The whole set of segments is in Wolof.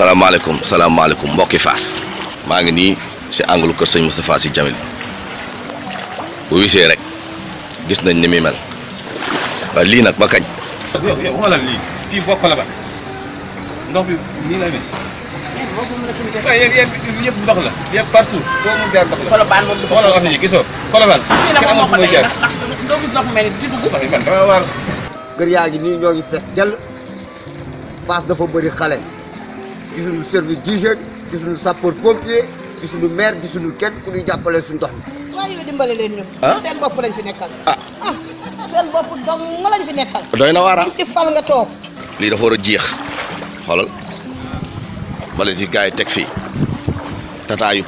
salaamaaleykum salaamaaleykum mbokki Fass maa ngi nii si angalu kër sëñ Moustapha Sy Djamil bu wisee rek gis nañ ni muy mel waaye lii nag ba kañ. fii bopp la ba ndox bi nii la amee waaye yéen yëpp ndox la yëpp partout foo mu jaar ndox la. Colobane moom du ko xoolal wax nañu gisoo Colobane. kenn amul fu muy jaar ndax doo gis ndox mel ni di dugg. man dama war. gër yaa ngi nii ñoo ngi fees dell Fass dafa bëri xale. gisuñu service d'hygiène gisuñu sapeur pompier gisuñu maire gisuñu kenn ku ñuy jàppale suñu ndox mi. waaye yow dimbale leen ñu. Ah? seen bopp lañ fi nekkal. Ah. Ah, seen bopp dong fi nekkal. doy na waar ci fal nga toog. lii dafa war a jeex xoolal bale ci gars yi teg fii tataa yu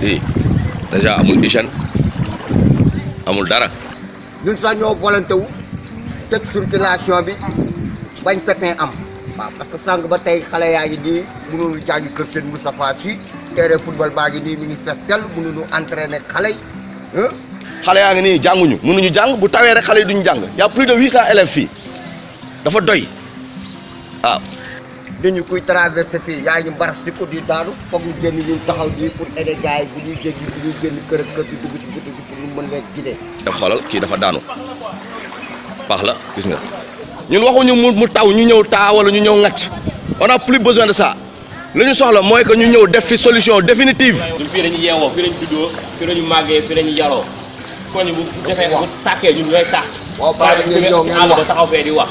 lii dèjà amul hygiène amul dara. ñun sax ñoo volonté wu teg circulation bi bañ pépin am. waaw parce que sànq ba tey xale yaa ngi nii mënuñu jàngi seen Moustapha football baa ini nii mi ngi fees dell mënuñu entraîner xale yi xale yaa ngi nii jànguñu mënuñu jàng bu tawee rek xale yi duñu jàng y' a plus de 800 élèves fii dafa doy waaw. nit ñi kuy traversé fii yaa ngi mbaras di ko di daanu foog ñu génn ñu taxaw di pour aider gars bu ñuy génn bu kër kër di dugg ci ñu mën dafa daanu la gis nga. ñun waxuñu mu mu taw ñu ñëw taa wala ñu ñëw ŋàcc on a plus besoin de ça li ñu soxla mooy que ñu ñëw def fi solution définitive. ñun fii dañu yeewoo fii dañu juddoo fii dañu màggee fii dañu yaroo koñ bu defee bu tàkkee ñun ñooy tàkk. waaw pare ngeen ñëw ngeen wax waaye taxaw fee di wax.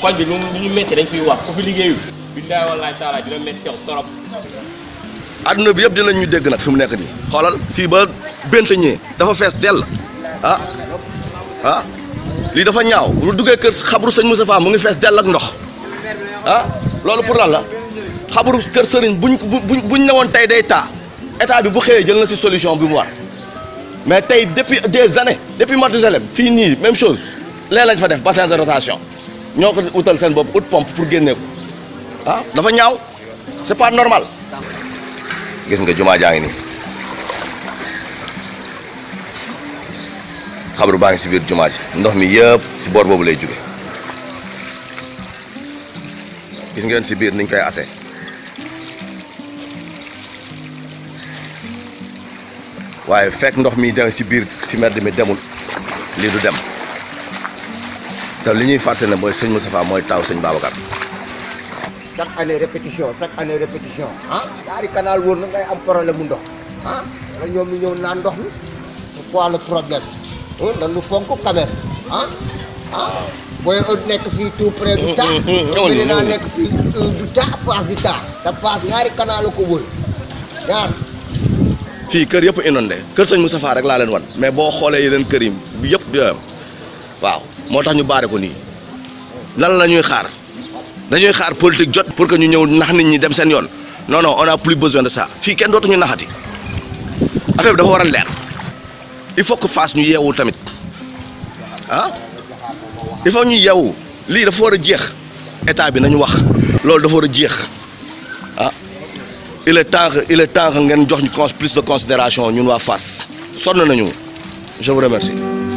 koñ bi lu ñu métti dañ fiy wax ku fi liggéeyu. billahi wallahi taala dina métti torop. adduna bi yëpp dinañ ñu dégg nag fi mu nekk nii xoolal fii ba Bente ñee dafa fees dell ah ah. lii dafa ñaaw bu duggee kër xabru sëñ Moustapha mu ngi fees dell ak ndox ah loolu pour lan la xabru kër sëriñ buñ buñ buñ ne woon tey day taa état bi bu xëyee jël na si solution bi mu war mais tey depuis des années depuis Mathusalem fii nii même chose lee lañ fa def bassin de rotation ñoo ko utal seen bopp ut pompe pour génnee ah dafa ñaaw c'est pas normal. gis nga jumaa jaa ngi nii. xabru baa si biir jumaa ji ndox mi yëpp si boor boobu lay jóge gis ngeen si biir niñ koy ase waaye fekk ndox mi dem si biir si mbedd mi demul lii du dem te li ñuy fàtte ne mooy sëñ Moustapha mooy taw sëñ Babacar. chaque année répétition chaque année répétition ah ñaari canal wóor na ngay am problème mu ndox ah wala ñoom ñu ñëw naan ndox mi c'est quoi le problème. dañu oh, fonk quand même ah ah booy nekk fii tout près du taa bi naa nekk euh, du taa Fass di ñaari canal la ko wër ñaar fii kër yëpp inondé kër sëñ safaa rek laa leen wan mais boo xoolee leen kër yi yëpp doyam waaw moo tax ñu baare ko nii lan la ñuy xaar dañuy xaar politique jot pour que ñu ñëw nax nit ñi dem seen yoon non non on a plus besoin de ça fii kenn dootuñu naxati affaire bi dafa war a leer il faut que fasse ñu yeewu tamit ah il faut ñu yeewu li dafa war a jeex état bi nañ wax loolu dafa war a jeex ah il est temps il est temps ngeen jox ñu plus de considération ñun wa face sonn nañu je vous remercie